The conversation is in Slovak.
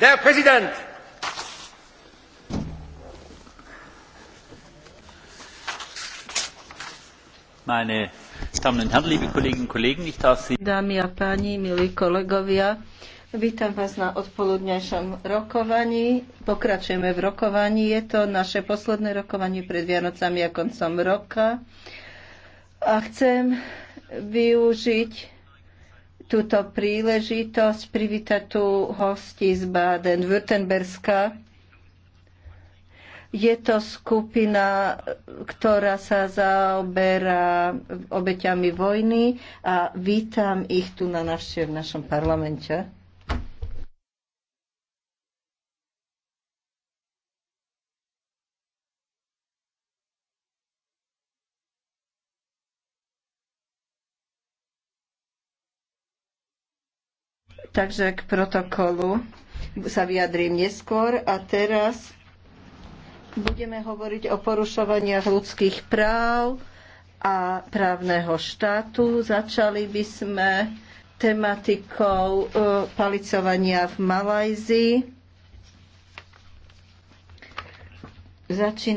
Der Präsident! Meine Damen und Herren, liebe Kolleginnen und Kollegen, ich darf Sie... Dámy a páni, milí kolegovia, vítam vás na odpoludnejšom rokovaní. Pokračujeme v rokovaní. Je to naše posledné rokovanie pred Vianocami a koncom roka. A chcem využiť túto príležitosť privítať tu hosti z Baden-Württemberska. Je to skupina, ktorá sa zaoberá obeťami vojny a vítam ich tu na návštev v našom parlamente. Takže k protokolu sa vyjadrím neskôr a teraz budeme hovoriť o porušovaniach ľudských práv a právneho štátu. Začali by sme tematikou e, palicovania v Malajzii. Začína